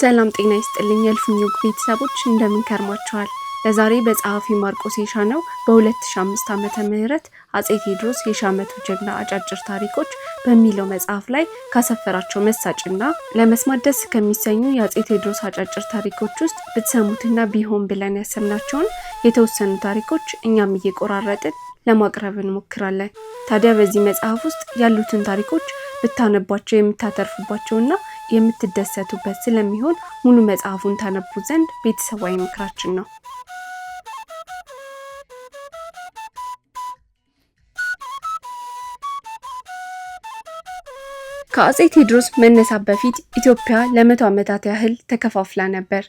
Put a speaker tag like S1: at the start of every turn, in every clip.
S1: ሰላም ጤና ይስጥልኝ የእልፍኝ ቤተሰቦች እንደምን ለዛሬ በጸሐፊ ማርቆስ የሻነው በ2005 ዓ ም አጼ ቴዎድሮስ የሺዓመቱ ጀግና አጫጭር ታሪኮች በሚለው መጽሐፍ ላይ ካሰፈራቸው መሳጭና ለመስማት ደስ ከሚሰኙ የአጼ ቴዎድሮስ አጫጭር ታሪኮች ውስጥ ብትሰሙትና ቢሆን ብለን ያሰብናቸውን የተወሰኑ ታሪኮች እኛም እየቆራረጥን ለማቅረብ እንሞክራለን። ታዲያ በዚህ መጽሐፍ ውስጥ ያሉትን ታሪኮች ብታነቧቸው የምታተርፉባቸውና የምትደሰቱበት ስለሚሆን ሙሉ መጽሐፉን ታነቡ ዘንድ ቤተሰባዊ ምክራችን ነው። ከአጼ ቴዎድሮስ መነሳት በፊት ኢትዮጵያ ለመቶ ዓመታት ያህል ተከፋፍላ ነበር።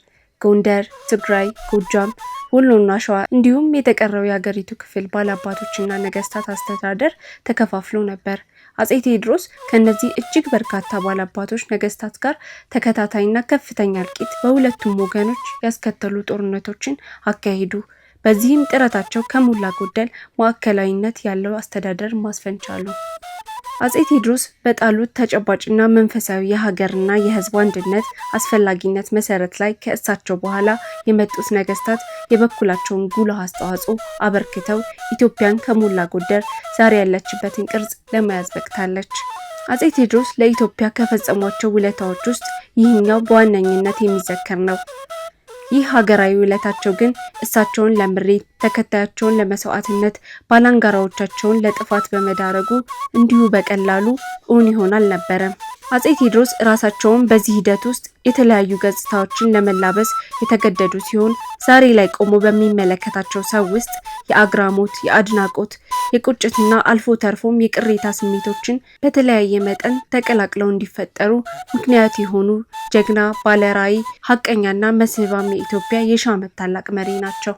S1: ጎንደር፣ ትግራይ፣ ጎጃም፣ ወሎና ሸዋ እንዲሁም የተቀረው የሀገሪቱ ክፍል ባለአባቶችና ነገስታት አስተዳደር ተከፋፍሎ ነበር። አጼ ቴዎድሮስ ከእነዚህ እጅግ በርካታ ባላባቶች ነገስታት ጋር ተከታታይና ከፍተኛ እልቂት በሁለቱም ወገኖች ያስከተሉ ጦርነቶችን አካሄዱ። በዚህም ጥረታቸው ከሞላ ጎደል ማዕከላዊነት ያለው አስተዳደር ማስፈን ቻሉ። አጼ ቴዎድሮስ በጣሉት ተጨባጭና መንፈሳዊ የሀገርና የሕዝብ አንድነት አስፈላጊነት መሰረት ላይ ከእሳቸው በኋላ የመጡት ነገስታት የበኩላቸውን ጉልህ አስተዋጽኦ አበርክተው ኢትዮጵያን ከሞላ ጎደር ዛሬ ያለችበትን ቅርጽ ለመያዝ በቅታለች። አጼ ቴዎድሮስ ለኢትዮጵያ ከፈጸሟቸው ውለታዎች ውስጥ ይህኛው በዋነኝነት የሚዘከር ነው። ይህ ሀገራዊ ውለታቸው ግን እሳቸውን ለምሬት ተከታያቸውን ለመስዋዕትነት ባላንጋራዎቻቸውን ለጥፋት በመዳረጉ እንዲሁ በቀላሉ እውን ይሆን አልነበረም። አጼ ቴዎድሮስ ራሳቸውን በዚህ ሂደት ውስጥ የተለያዩ ገጽታዎችን ለመላበስ የተገደዱ ሲሆን ዛሬ ላይ ቆሞ በሚመለከታቸው ሰው ውስጥ የአግራሞት፣ የአድናቆት፣ የቁጭትና አልፎ ተርፎም የቅሬታ ስሜቶችን በተለያየ መጠን ተቀላቅለው እንዲፈጠሩ ምክንያት የሆኑ ጀግና፣ ባለራዕይ፣ ሀቀኛና መስህባም የኢትዮጵያ የሻመት ታላቅ መሪ ናቸው።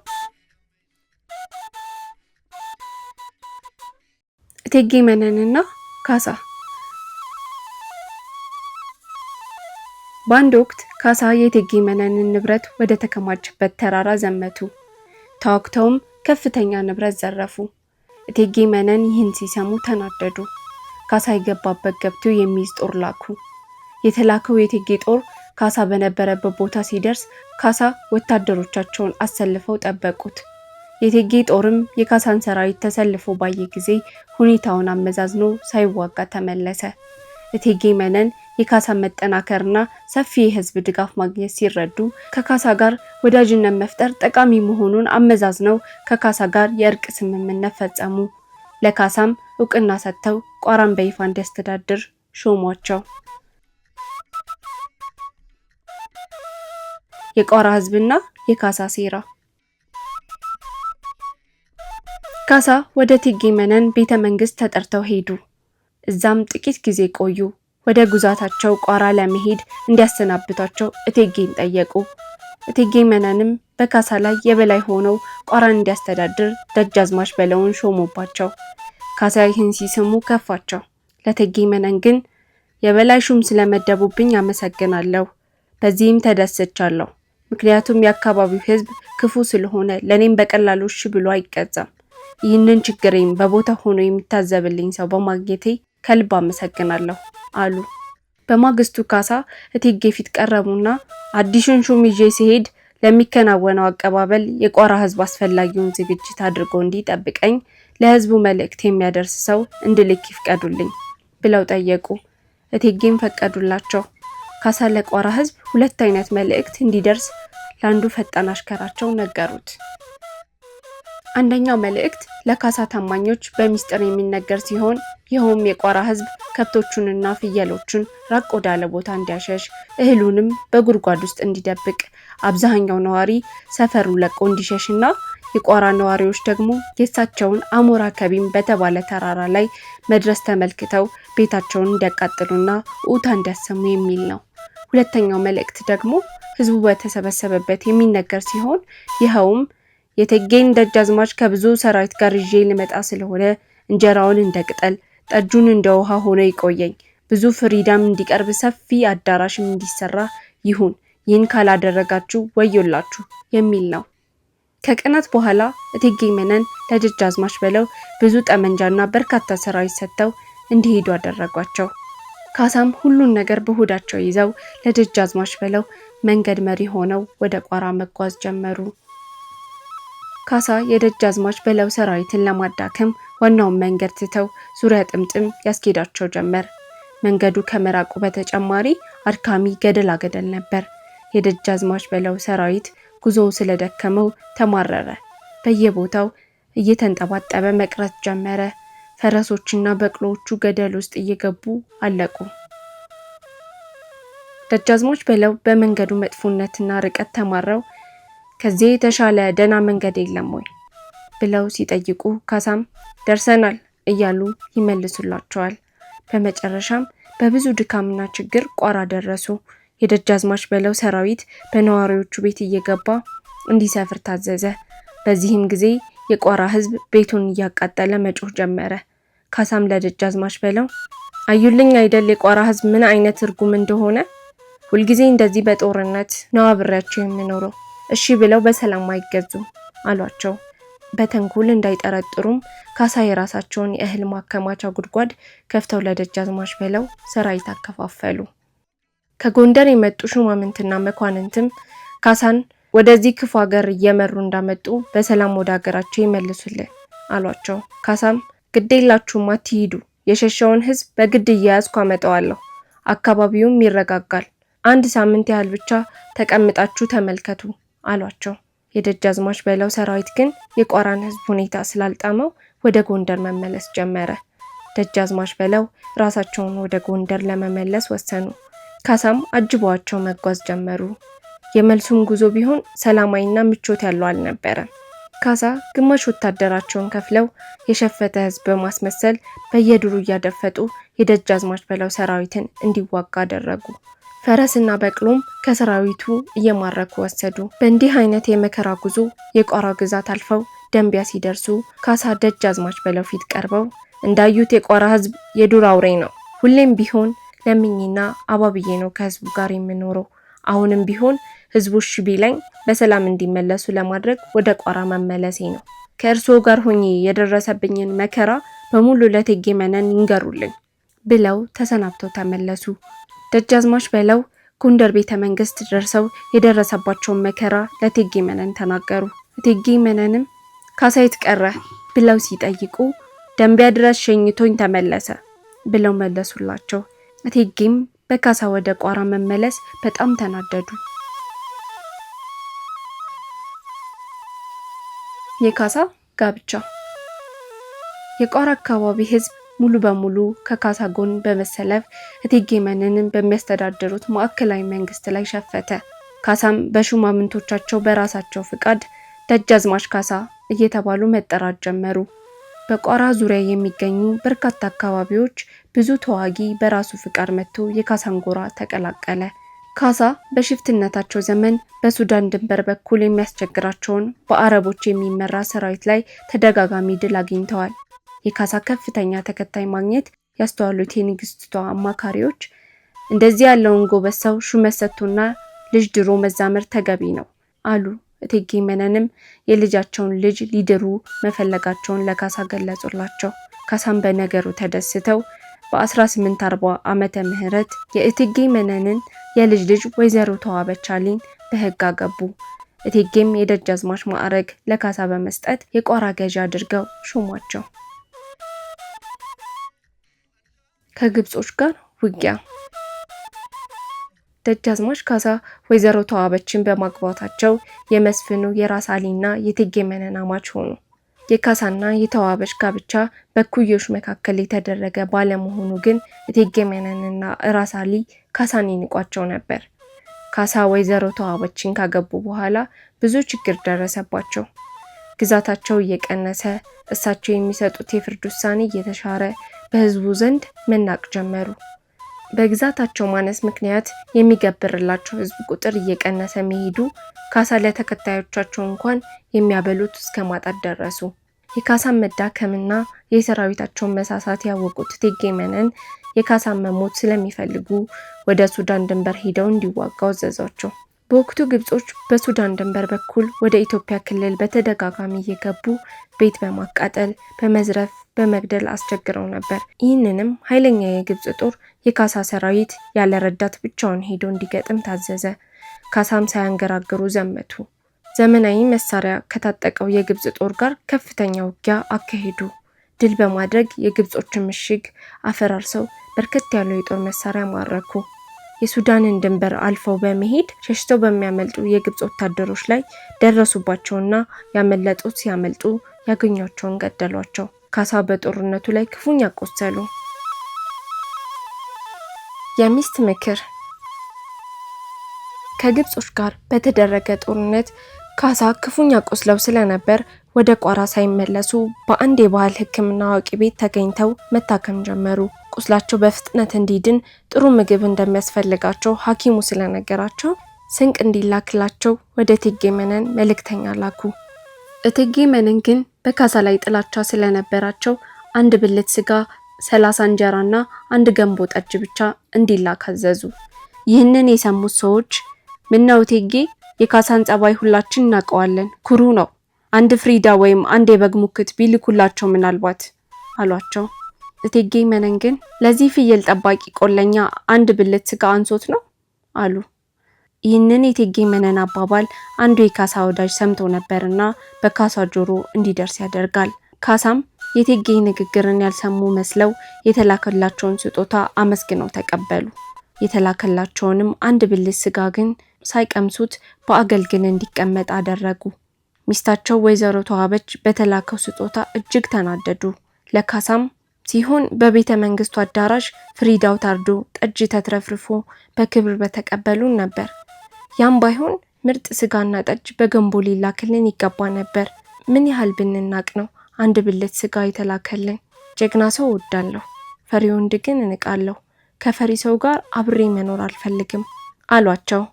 S1: እቴጌ መነንና ካሳ በአንድ ወቅት ካሳ የእቴጌ መነንን ንብረት ወደ ተከማችበት ተራራ ዘመቱ። ተዋግተውም ከፍተኛ ንብረት ዘረፉ። እቴጌ መነን ይህን ሲሰሙ ተናደዱ። ካሳ የገባበት ገብቶ የሚይዝ ጦር ላኩ። የተላከው የእቴጌ ጦር ካሳ በነበረበት ቦታ ሲደርስ ካሳ ወታደሮቻቸውን አሰልፈው ጠበቁት። የቴጌ ጦርም የካሳን ሰራዊት ተሰልፎ ባየ ጊዜ ሁኔታውን አመዛዝኖ ሳይዋጋ ተመለሰ። እቴጌ መነን የካሳን መጠናከርና ሰፊ የህዝብ ድጋፍ ማግኘት ሲረዱ ከካሳ ጋር ወዳጅነት መፍጠር ጠቃሚ መሆኑን አመዛዝነው ከካሳ ጋር የእርቅ ስምምነት ፈጸሙ። ለካሳም እውቅና ሰጥተው ቋራን በይፋ እንዲያስተዳድር ሾሟቸው። የቋራ ህዝብና የካሳ ሴራ ካሳ ወደ እቴጌ መነን ቤተ መንግስት ተጠርተው ሄዱ። እዛም ጥቂት ጊዜ ቆዩ። ወደ ጉዛታቸው ቋራ ለመሄድ እንዲያሰናብቷቸው እቴጌን ጠየቁ። እቴጌ መነንም በካሳ ላይ የበላይ ሆነው ቋራን እንዲያስተዳድር ደጃዝማች በለውን ሾሙባቸው። ካሳ ይህን ሲስሙ ከፋቸው። ለእቴጌ መነን ግን የበላይ ሹም ስለመደቡብኝ አመሰግናለሁ፣ በዚህም ተደስቻለሁ። ምክንያቱም የአካባቢው ህዝብ ክፉ ስለሆነ ለእኔም በቀላሉ እሺ ብሎ አይቀዛም። ይህንን ችግሬም በቦታ ሆኖ የሚታዘብልኝ ሰው በማግኘቴ ከልብ አመሰግናለሁ አሉ። በማግስቱ ካሳ እቴጌ ፊት ቀረቡና አዲሱን ሹም ይዤ ሲሄድ ለሚከናወነው አቀባበል የቋራ ህዝብ አስፈላጊውን ዝግጅት አድርጎ እንዲጠብቀኝ ለህዝቡ መልእክት የሚያደርስ ሰው እንድልክ ይፍቀዱልኝ ብለው ጠየቁ። እቴጌም ፈቀዱላቸው። ካሳ ለቋራ ህዝብ ሁለት አይነት መልእክት እንዲደርስ ለአንዱ ፈጣን አሽከራቸው ነገሩት። አንደኛው መልእክት ለካሳ ታማኞች በሚስጥር የሚነገር ሲሆን ይኸውም የቋራ ህዝብ ከብቶቹንና ፍየሎቹን ራቅ ወዳለ ቦታ እንዲያሸሽ እህሉንም በጉድጓድ ውስጥ እንዲደብቅ፣ አብዛኛው ነዋሪ ሰፈሩ ለቆ እንዲሸሽና የቋራ ነዋሪዎች ደግሞ የእሳቸውን አሞራ ከቢም በተባለ ተራራ ላይ መድረስ ተመልክተው ቤታቸውን እንዲያቃጥሉና ውታ እንዲያሰሙ የሚል ነው። ሁለተኛው መልእክት ደግሞ ህዝቡ በተሰበሰበበት የሚነገር ሲሆን ይኸውም የእቴጌን ደጃዝማች ከብዙ ሰራዊት ጋር ይዤ ልመጣ ስለሆነ እንጀራውን እንደ ቅጠል ጠጁን እንደ ውሃ ሆኖ ይቆየኝ። ብዙ ፍሪዳም እንዲቀርብ ሰፊ አዳራሽም እንዲሰራ ይሁን። ይህን ካላደረጋችሁ ወዮላችሁ የሚል ነው። ከቀናት በኋላ እቴጌ መነን ለደጃዝማች ብለው ብዙ ጠመንጃና በርካታ ሰራዊት ሰጥተው እንዲሄዱ አደረጓቸው። ካሳም ሁሉን ነገር በሆዳቸው ይዘው ለደጃዝማች ብለው መንገድ መሪ ሆነው ወደ ቋራ መጓዝ ጀመሩ። ካሳ የደጃዝማች በለው ሰራዊትን ለማዳከም ዋናውን መንገድ ትተው ዙሪያ ጥምጥም ያስኬዳቸው ጀመር። መንገዱ ከመራቁ በተጨማሪ አድካሚ ገደል አገደል ነበር። የደጃዝማች በለው ሰራዊት ጉዞ ስለደከመው ተማረረ። በየቦታው እየተንጠባጠበ መቅረት ጀመረ። ፈረሶችና በቅሎዎቹ ገደል ውስጥ እየገቡ አለቁ። ደጃዝማች በለው በመንገዱ መጥፎነትና ርቀት ተማረው ከዚህ የተሻለ ደህና መንገድ የለም ወይ ብለው ሲጠይቁ ካሳም ደርሰናል እያሉ ይመልሱላቸዋል። በመጨረሻም በብዙ ድካምና ችግር ቋራ ደረሱ። የደጃዝማች በለው ሰራዊት በነዋሪዎቹ ቤት እየገባ እንዲሰፍር ታዘዘ። በዚህም ጊዜ የቋራ ህዝብ ቤቱን እያቃጠለ መጮህ ጀመረ። ካሳም ለደጃዝማች በለው አዩልኝ አይደል የቋራ ህዝብ ምን አይነት እርጉም እንደሆነ ሁልጊዜ እንደዚህ በጦርነት ነው አብሬያቸው የምኖረው እሺ ብለው በሰላም አይገዙም አሏቸው። በተንኮል እንዳይጠረጥሩም ካሳ የራሳቸውን የእህል ማከማቻ ጉድጓድ ከፍተው ለደጃዝማች ብለው ሰራዊት አከፋፈሉ። ከጎንደር የመጡ ሹማምንትና መኳንንትም ካሳን ወደዚህ ክፉ ሀገር እየመሩ እንዳመጡ በሰላም ወደ ሀገራቸው ይመልሱልን አሏቸው። ካሳም ግዴላችሁም አትሂዱ፣ የሸሸውን ህዝብ በግድ እየያዝኩ አመጣዋለሁ፣ አካባቢውም ይረጋጋል። አንድ ሳምንት ያህል ብቻ ተቀምጣችሁ ተመልከቱ አሏቸው። የደጃዝማች በለው ሰራዊት ግን የቋራን ህዝብ ሁኔታ ስላልጣመው ወደ ጎንደር መመለስ ጀመረ። ደጃዝማች በለው ራሳቸውን ወደ ጎንደር ለመመለስ ወሰኑ። ካሳም አጅቧቸው መጓዝ ጀመሩ። የመልሱም ጉዞ ቢሆን ሰላማዊና ምቾት ያለው አልነበረም። ካሳ ግማሽ ወታደራቸውን ከፍለው የሸፈተ ህዝብ በማስመሰል በየድሩ እያደፈጡ የደጃዝማች በለው ሰራዊትን እንዲዋጋ አደረጉ። ፈረስና በቅሎም ከሰራዊቱ እየማረኩ ወሰዱ። በእንዲህ አይነት የመከራ ጉዞ የቋራ ግዛት አልፈው ደንቢያ ሲደርሱ ካሳ አዝማች በለው ፊት ቀርበው እንዳዩት የቋራ ህዝብ የዱር አውሬ ነው። ሁሌም ቢሆን ለምኝና አባብዬ ነው ከህዝቡ ጋር የምኖረው። አሁንም ቢሆን ህዝቡ እሺ ቢለኝ በሰላም እንዲመለሱ ለማድረግ ወደ ቋራ መመለሴ ነው። ከእርስዎ ጋር ሆኜ የደረሰብኝን መከራ በሙሉ ለቴጌ መነን ይንገሩልኝ ብለው ተሰናብተው ተመለሱ። ደጃዝማች በለው ጎንደር ቤተ መንግስት ደርሰው የደረሰባቸውን መከራ ለቴጌ መነን ተናገሩ። ቴጌ መነንም ካሳይት ቀረ ብለው ሲጠይቁ ደንቢያ ድረስ ሸኝቶኝ ተመለሰ ብለው መለሱላቸው። እቴጌም በካሳ ወደ ቋራ መመለስ በጣም ተናደዱ። የካሳ ጋብቻ የቋራ አካባቢ ህዝብ ሙሉ በሙሉ ከካሳ ጎን በመሰለፍ እቴጌ መነንን በሚያስተዳድሩት ማዕከላዊ መንግስት ላይ ሸፈተ። ካሳም በሹማምንቶቻቸው በራሳቸው ፍቃድ ደጃዝማች ካሳ እየተባሉ መጠራት ጀመሩ። በቋራ ዙሪያ የሚገኙ በርካታ አካባቢዎች ብዙ ተዋጊ በራሱ ፍቃድ መጥቶ የካሳን ጎራ ተቀላቀለ። ካሳ በሽፍትነታቸው ዘመን በሱዳን ድንበር በኩል የሚያስቸግራቸውን በአረቦች የሚመራ ሰራዊት ላይ ተደጋጋሚ ድል አግኝተዋል። የካሳ ከፍተኛ ተከታይ ማግኘት ያስተዋሉት የንግስቷ አማካሪዎች እንደዚህ ያለውን ጎበዝ ሰው ሹመት ሰጥቶና ልጅ ድሮ መዛመር ተገቢ ነው አሉ። እቴጌ መነንም የልጃቸውን ልጅ ሊድሩ መፈለጋቸውን ለካሳ ገለጹላቸው። ካሳም በነገሩ ተደስተው በ1840 ዓመተ ምህረት የእቴጌ መነንን የልጅ ልጅ ወይዘሮ ተዋበች አሊን በሕግ አገቡ። እቴጌም የደጃዝማች ማዕረግ ለካሳ በመስጠት የቋራ ገዢ አድርገው ሾሟቸው። ከግብጾች ጋር ውጊያ ደጃዝማች ካሳ ወይዘሮ ተዋበችን በማግባታቸው የመስፍኑ የራስ አሊና የእቴጌ መነን አማች ሆኑ። የካሳና የተዋበች ጋብቻ በኩዮች መካከል የተደረገ ባለመሆኑ ግን እቴጌ መነንና ራስ አሊ ካሳን ይንቋቸው ነበር። ካሳ ወይዘሮ ተዋበችን ካገቡ በኋላ ብዙ ችግር ደረሰባቸው። ግዛታቸው እየቀነሰ እሳቸው የሚሰጡት የፍርድ ውሳኔ እየተሻረ በህዝቡ ዘንድ መናቅ ጀመሩ። በግዛታቸው ማነስ ምክንያት የሚገብርላቸው ህዝብ ቁጥር እየቀነሰ መሄዱ ካሳ ለተከታዮቻቸው እንኳን የሚያበሉት እስከ ማጣት ደረሱ። የካሳን መዳከምና የሰራዊታቸውን መሳሳት ያወቁት እቴጌ መነን የካሳን መሞት ስለሚፈልጉ ወደ ሱዳን ድንበር ሄደው እንዲዋጋው አዘዟቸው። በወቅቱ ግብጾች በሱዳን ድንበር በኩል ወደ ኢትዮጵያ ክልል በተደጋጋሚ እየገቡ ቤት በማቃጠል በመዝረፍ በመግደል አስቸግረው ነበር። ይህንንም ኃይለኛ የግብፅ ጦር የካሳ ሰራዊት ያለ ረዳት ብቻውን ሄዶ እንዲገጥም ታዘዘ። ካሳም ሳያንገራግሩ ዘመቱ። ዘመናዊ መሳሪያ ከታጠቀው የግብፅ ጦር ጋር ከፍተኛ ውጊያ አካሄዱ። ድል በማድረግ የግብጾችን ምሽግ አፈራርሰው በርከት ያለው የጦር መሳሪያ ማረኩ። የሱዳንን ድንበር አልፈው በመሄድ ሸሽተው በሚያመልጡ የግብፅ ወታደሮች ላይ ደረሱባቸውና ያመለጡት ሲያመልጡ ያገኟቸውን ገደሏቸው። ካሳ በጦርነቱ ላይ ክፉኛ ቆሰሉ። የሚስት ምክር ከግብጾች ጋር በተደረገ ጦርነት ካሳ ክፉኛ ቆስለው ስለነበር ወደ ቋራ ሳይመለሱ በአንድ የባህል ሕክምና አዋቂ ቤት ተገኝተው መታከም ጀመሩ። ቁስላቸው በፍጥነት እንዲድን ጥሩ ምግብ እንደሚያስፈልጋቸው ሐኪሙ ስለነገራቸው ስንቅ እንዲላክላቸው ወደ እቴጌ መነን መልእክተኛ ላኩ። እቴጌ መነን ግን በካሳ ላይ ጥላቻ ስለነበራቸው አንድ ብልት ስጋ፣ ሰላሳ እንጀራና አንድ ገንቦ ጠጅ ብቻ እንዲላክ አዘዙ። ይህንን የሰሙት ሰዎች ምነው እቴጌ የካሳን ጸባይ ሁላችን እናውቀዋለን፣ ኩሩ ነው። አንድ ፍሪዳ ወይም አንድ የበግ ሙክት ቢልኩላቸው ምናልባት አሏቸው። እቴጌ መነን ግን ለዚህ ፍየል ጠባቂ ቆለኛ አንድ ብልት ስጋ አንሶት ነው አሉ። ይህንን የእቴጌ መነን አባባል አንዱ የካሳ ወዳጅ ሰምቶ ነበርና በካሳ ጆሮ እንዲደርስ ያደርጋል። ካሳም የእቴጌ ንግግርን ያልሰሙ መስለው የተላከላቸውን ስጦታ አመስግነው ተቀበሉ። የተላከላቸውንም አንድ ብልት ስጋ ግን ሳይቀምሱት በአገልግል እንዲቀመጥ አደረጉ። ሚስታቸው ወይዘሮ ተዋበች በተላከው ስጦታ እጅግ ተናደዱ። ለካሳም ሲሆን በቤተ መንግስቱ አዳራሽ ፍሪዳው ታርዶ ጠጅ ተትረፍርፎ በክብር በተቀበሉን ነበር። ያም ባይሆን ምርጥ ስጋና ጠጅ በገንቦ ሊላክልን ይገባ ነበር። ምን ያህል ብንናቅ ነው አንድ ብልት ስጋ የተላከልን? ጀግና ሰው እወዳለሁ፣ ፈሪ ወንድ ግን እንቃለሁ። ከፈሪ ሰው ጋር አብሬ መኖር አልፈልግም አሏቸው።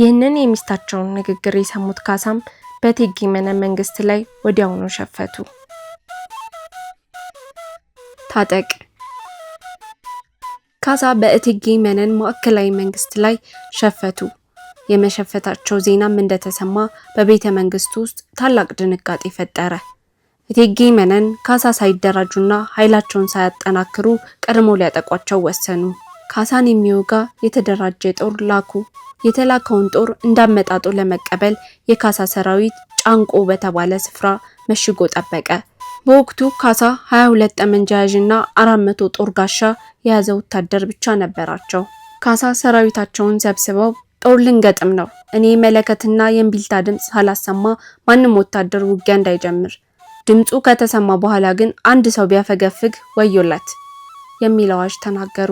S1: ይህንን የሚስታቸውን ንግግር የሰሙት ካሳም በቴጌ መነ መንግስት ላይ ወዲያውኑ ሸፈቱ። ታጠቅ ካሳ በእቴጌ መነን ማዕከላዊ መንግስት ላይ ሸፈቱ። የመሸፈታቸው ዜናም እንደተሰማ በቤተ መንግስት ውስጥ ታላቅ ድንጋጤ ፈጠረ። እቴጌ መነን ካሳ ሳይደራጁና ኃይላቸውን ሳያጠናክሩ ቀድሞ ሊያጠቋቸው ወሰኑ። ካሳን የሚወጋ የተደራጀ ጦር ላኩ። የተላከውን ጦር እንዳመጣጡ ለመቀበል የካሳ ሰራዊት ጫንቆ በተባለ ስፍራ መሽጎ ጠበቀ። በወቅቱ ካሳ 22 ጠመንጃ ያዥና 400 ጦር ጋሻ የያዘ ወታደር ብቻ ነበራቸው። ካሳ ሰራዊታቸውን ሰብስበው ጦር ልንገጥም ነው፣ እኔ መለከትና የእምቢልታ ድምፅ ሳላሰማ ማንም ወታደር ውጊያ እንዳይጀምር፣ ድምፁ ከተሰማ በኋላ ግን አንድ ሰው ቢያፈገፍግ ወዮለት የሚል አዋጅ ተናገሩ።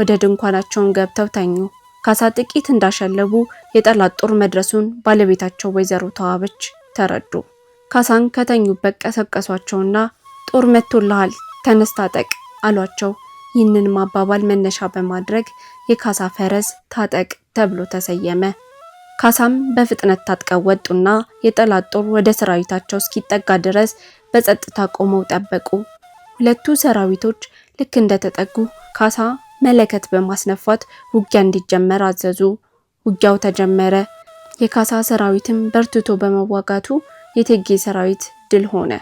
S1: ወደ ድንኳናቸውን ገብተው ተኙ። ካሳ ጥቂት እንዳሸለቡ የጠላት ጦር መድረሱን ባለቤታቸው ወይዘሮ ተዋበች ተረዱ። ካሳን ከተኙበት ቀሰቀሷቸውና ጦር መጥቶልሃል ተነስታጠቅ አሏቸው። ይህንን ማባባል መነሻ በማድረግ የካሳ ፈረስ ታጠቅ ተብሎ ተሰየመ። ካሳም በፍጥነት ታጥቀው ወጡና የጠላት ጦር ወደ ሰራዊታቸው እስኪጠጋ ድረስ በጸጥታ ቆመው ጠበቁ። ሁለቱ ሰራዊቶች ልክ እንደተጠጉ ካሳ መለከት በማስነፋት ውጊያ እንዲጀመር አዘዙ። ውጊያው ተጀመረ። የካሳ ሰራዊትም በርትቶ በመዋጋቱ የእቴጌ ሰራዊት ድል ሆነ።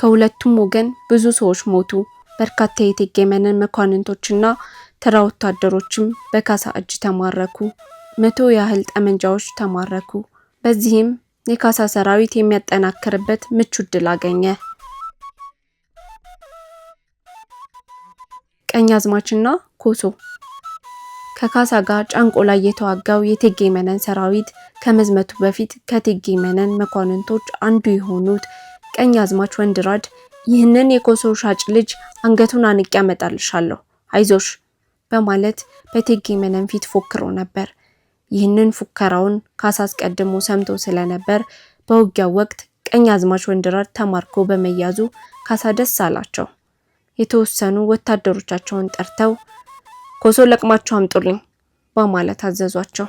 S1: ከሁለቱም ወገን ብዙ ሰዎች ሞቱ። በርካታ የእቴጌ መነን መኳንንቶችና ተራ ወታደሮችም በካሳ እጅ ተማረኩ። መቶ ያህል ጠመንጃዎች ተማረኩ። በዚህም የካሳ ሰራዊት የሚያጠናክርበት ምቹ እድል አገኘ። ቀኛዝማችና ኮሶ ከካሳ ጋር ጫንቆ ላይ የተዋጋው የእቴጌ መነን ሰራዊት ከመዝመቱ በፊት ከቴጌ መነን መኳንንቶች አንዱ የሆኑት ቀኝ አዝማች ወንድራድ ይህንን የኮሶ ሻጭ ልጅ አንገቱን አንቄ ያመጣልሻለሁ አይዞሽ በማለት በእቴጌ መነን ፊት ፎክሮ ነበር። ይህንን ፉከራውን ካሳ አስቀድሞ ሰምቶ ስለነበር በውጊያው ወቅት ቀኝ አዝማች ወንድራድ ተማርኮ በመያዙ ካሳ ደስ አላቸው። የተወሰኑ ወታደሮቻቸውን ጠርተው ኮሶ ለቅማቸው አምጡልኝ በማለት አዘዟቸው።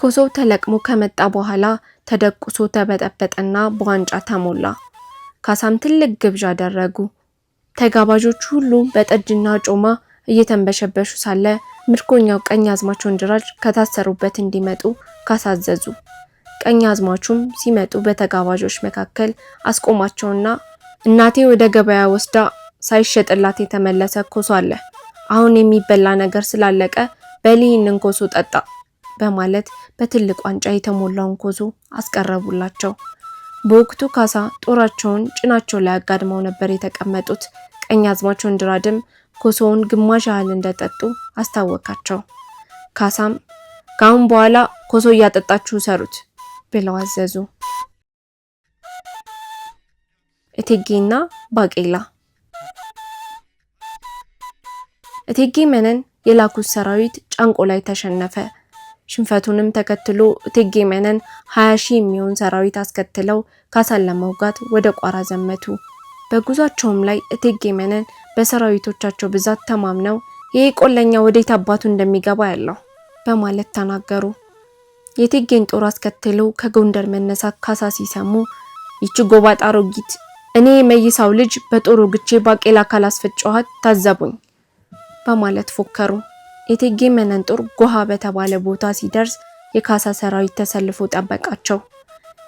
S1: ኮሶው ተለቅሞ ከመጣ በኋላ ተደቁሶ ተበጠበጠና በዋንጫ ተሞላ። ካሳም ትልቅ ግብዣ አደረጉ። ተጋባዦቹ ሁሉ በጠጅና ጮማ እየተንበሸበሹ ሳለ ምርኮኛው ቀኝ አዝማች ወንድራጅ ከታሰሩበት እንዲመጡ ካሳዘዙ። ቀኝ አዝማቹም ሲመጡ በተጋባዦች መካከል አስቆማቸውና እናቴ ወደ ገበያ ወስዳ ሳይሸጥላት የተመለሰ ኮሶ አለ። አሁን የሚበላ ነገር ስላለቀ ይህንን ኮሶ ጠጣ በማለት በትልቅ ዋንጫ የተሞላውን ኮሶ አስቀረቡላቸው። በወቅቱ ካሳ ጦራቸውን ጭናቸው ላይ አጋድመው ነበር የተቀመጡት። ቀኝ ቀኛዝማች ወንድይራድም ኮሶውን ግማሽ ያህል እንደጠጡ አስታወቃቸው። ካሳም ከአሁን በኋላ ኮሶ እያጠጣችሁ ሰሩት ብለው አዘዙ። እቴጌና ባቄላ እቴጌ መነን የላኩት ሰራዊት ጫንቆ ላይ ተሸነፈ። ሽንፈቱንም ተከትሎ እቴጌ መነን 20 ሺህ የሚሆን ሰራዊት አስከትለው ካሳን ለመውጋት ወደ ቋራ ዘመቱ። በጉዟቸውም ላይ እቴጌ መነን በሰራዊቶቻቸው ብዛት ተማምነው ይህ ቆለኛ ወዴት አባቱ እንደሚገባ ያለው በማለት ተናገሩ። የእቴጌን ጦር አስከትለው ከጎንደር መነሳት ካሳ ሲሰሙ ይቺ ጎባጣ አሮጊት እኔ የመይሳው ልጅ በጦሩ ግቼ ባቄላ ካላስፈጨኋት ታዘቡኝ በማለት ፎከሩ። የቴጌ መነንጦር ጎሃ በተባለ ቦታ ሲደርስ የካሳ ሰራዊት ተሰልፎ ጠበቃቸው።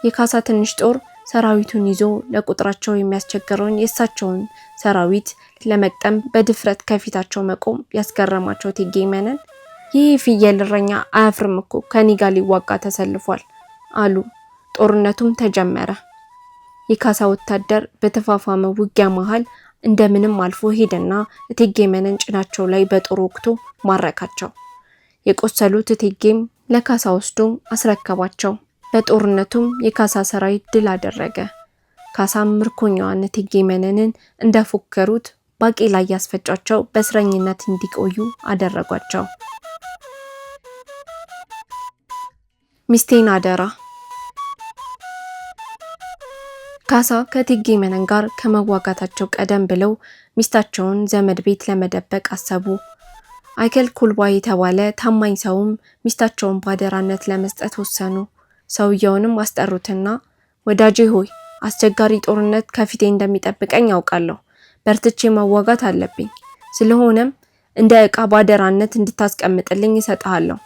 S1: የካሳ ትንሽ ጦር ሰራዊቱን ይዞ ለቁጥራቸው የሚያስቸግረውን የእሳቸውን ሰራዊት ለመቅጠም በድፍረት ከፊታቸው መቆም ያስገረማቸው ቴጌ መነን ይህ ፍየል እረኛ አያፍርም እኮ ከኔ ጋር ሊዋጋ ተሰልፏል አሉ። ጦርነቱም ተጀመረ። የካሳ ወታደር በተፋፋመ ውጊያ መሃል እንደምንም አልፎ ሄደና እቴጌ መነን ጭናቸው ላይ በጦር ወቅቶ ማረካቸው። የቆሰሉት እቴጌም ለካሳ ወስዶ አስረከባቸው። በጦርነቱም የካሳ ሰራዊት ድል አደረገ። ካሳም ምርኮኛዋን እቴጌ መነንን እንደፎከሩት ባቄላ እያስፈጫቸው በእስረኝነት እንዲቆዩ አደረጓቸው። ሚስቴን አደራ ካሳ ከእቴጌ መነን ጋር ከመዋጋታቸው ቀደም ብለው ሚስታቸውን ዘመድ ቤት ለመደበቅ አሰቡ። አይከል ኩልባ የተባለ ታማኝ ሰውም ሚስታቸውን ባደራነት ለመስጠት ወሰኑ። ሰውየውንም አስጠሩትና ወዳጄ ሆይ አስቸጋሪ ጦርነት ከፊቴ እንደሚጠብቀኝ አውቃለሁ። በርትቼ መዋጋት አለብኝ። ስለሆነም እንደ ዕቃ ባደራነት እንድታስቀምጥልኝ ይሰጠሃለሁ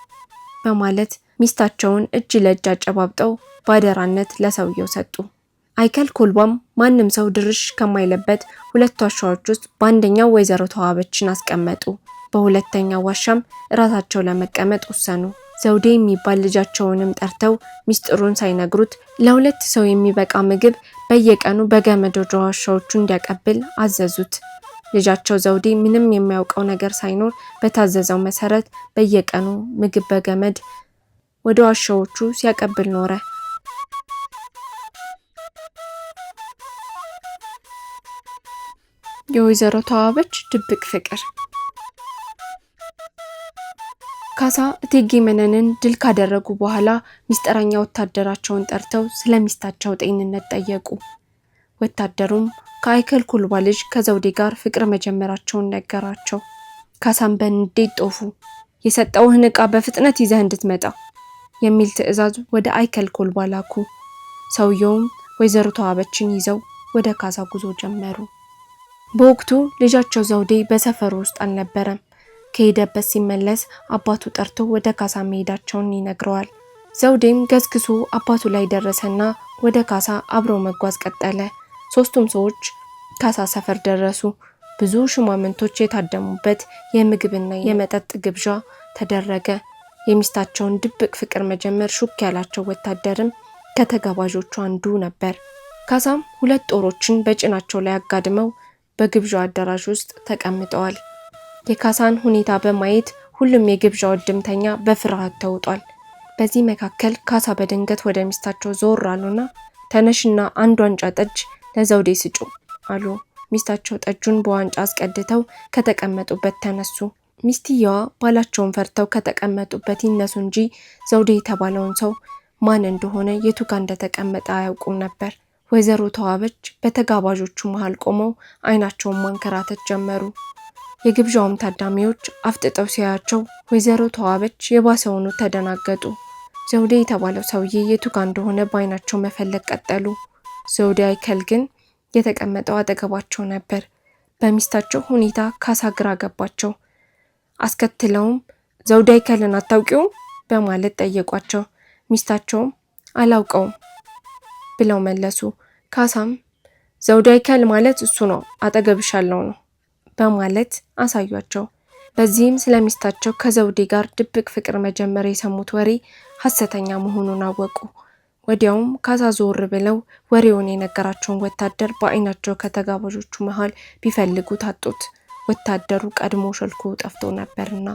S1: በማለት ሚስታቸውን እጅ ለእጅ አጨባብጠው ባደራነት ለሰውየው ሰጡ። አይከል ኮልባም ማንም ሰው ድርሽ ከማይለበት ሁለት ዋሻዎች ውስጥ በአንደኛው ወይዘሮ ተዋበችን አስቀመጡ። በሁለተኛው ዋሻም እራሳቸው ለመቀመጥ ወሰኑ። ዘውዴ የሚባል ልጃቸውንም ጠርተው ሚስጥሩን ሳይነግሩት ለሁለት ሰው የሚበቃ ምግብ በየቀኑ በገመድ ወደ ዋሻዎቹ እንዲያቀብል አዘዙት። ልጃቸው ዘውዴ ምንም የሚያውቀው ነገር ሳይኖር በታዘዘው መሰረት በየቀኑ ምግብ በገመድ ወደ ዋሻዎቹ ሲያቀብል ኖረ። የወይዘሮ ተዋበች ድብቅ ፍቅር ካሳ እቴጌ መነንን ድል ካደረጉ በኋላ ሚስጥረኛ ወታደራቸውን ጠርተው ስለ ሚስታቸው ጤንነት ጠየቁ። ወታደሩም ከአይከል ኩልባ ልጅ ከዘውዴ ጋር ፍቅር መጀመራቸውን ነገራቸው። ካሳም በንዴት ጦፉ። የሰጠውህን ዕቃ በፍጥነት ይዘህ እንድትመጣ የሚል ትዕዛዝ ወደ አይከል ኮልባ ላኩ። ሰውየውም ወይዘሮ ተዋበችን ይዘው ወደ ካሳ ጉዞ ጀመሩ። በወቅቱ ልጃቸው ዘውዴ በሰፈሩ ውስጥ አልነበረም። ከሄደበት ሲመለስ አባቱ ጠርቶ ወደ ካሳ መሄዳቸውን ይነግረዋል። ዘውዴም ገዝግሶ አባቱ ላይ ደረሰና ወደ ካሳ አብሮ መጓዝ ቀጠለ። ሶስቱም ሰዎች ካሳ ሰፈር ደረሱ። ብዙ ሹማምንቶች የታደሙበት የምግብና የመጠጥ ግብዣ ተደረገ። የሚስታቸውን ድብቅ ፍቅር መጀመር ሹክ ያላቸው ወታደርም ከተጋባዦቹ አንዱ ነበር። ካሳም ሁለት ጦሮችን በጭናቸው ላይ አጋድመው በግብዣው አዳራሽ ውስጥ ተቀምጠዋል። የካሳን ሁኔታ በማየት ሁሉም የግብዣው እድምተኛ በፍርሃት ተውጧል። በዚህ መካከል ካሳ በድንገት ወደ ሚስታቸው ዞር አሉና ተነሽና አንድ ዋንጫ ጠጅ ለዘውዴ ስጩ አሉ። ሚስታቸው ጠጁን በዋንጫ አስቀድተው ከተቀመጡበት ተነሱ። ሚስትየዋ ባላቸውን ፈርተው ከተቀመጡበት ይነሱ እንጂ ዘውዴ የተባለውን ሰው ማን እንደሆነ የቱ እንደተቀመጠ አያውቁም ነበር። ወይዘሮ ተዋበች በተጋባዦቹ መሃል ቆመው አይናቸውን ማንከራተት ጀመሩ። የግብዣውም ታዳሚዎች አፍጥጠው ሲያያቸው ወይዘሮ ተዋበች የባሰውኑ ተደናገጡ። ዘውዴ የተባለው ሰውዬ የቱ ጋ እንደሆነ በአይናቸው መፈለግ ቀጠሉ። ዘውዴ አይከል ግን የተቀመጠው አጠገባቸው ነበር። በሚስታቸው ሁኔታ ካሳ ግራ ገባቸው። አስከትለውም ዘውዴ አይከልን አታውቂውም በማለት ጠየቋቸው። ሚስታቸውም አላውቀውም ብለው መለሱ። ካሳም ዘውዱ ማለት እሱ ነው አጠገብሽ ነው በማለት አሳያቸው። በዚህም ስለሚስታቸው ከዘውዴ ጋር ድብቅ ፍቅር መጀመር የሰሙት ወሬ ሐሰተኛ መሆኑን አወቁ። ወዲያውም ካሳ ዞር ብለው ወሬውን የነገራቸውን ወታደር በአይናቸው ከተጋባዦቹ መሃል ቢፈልጉ ታጡት ወታደሩ ቀድሞ ሸልኮ ጠፍቶ ነበርና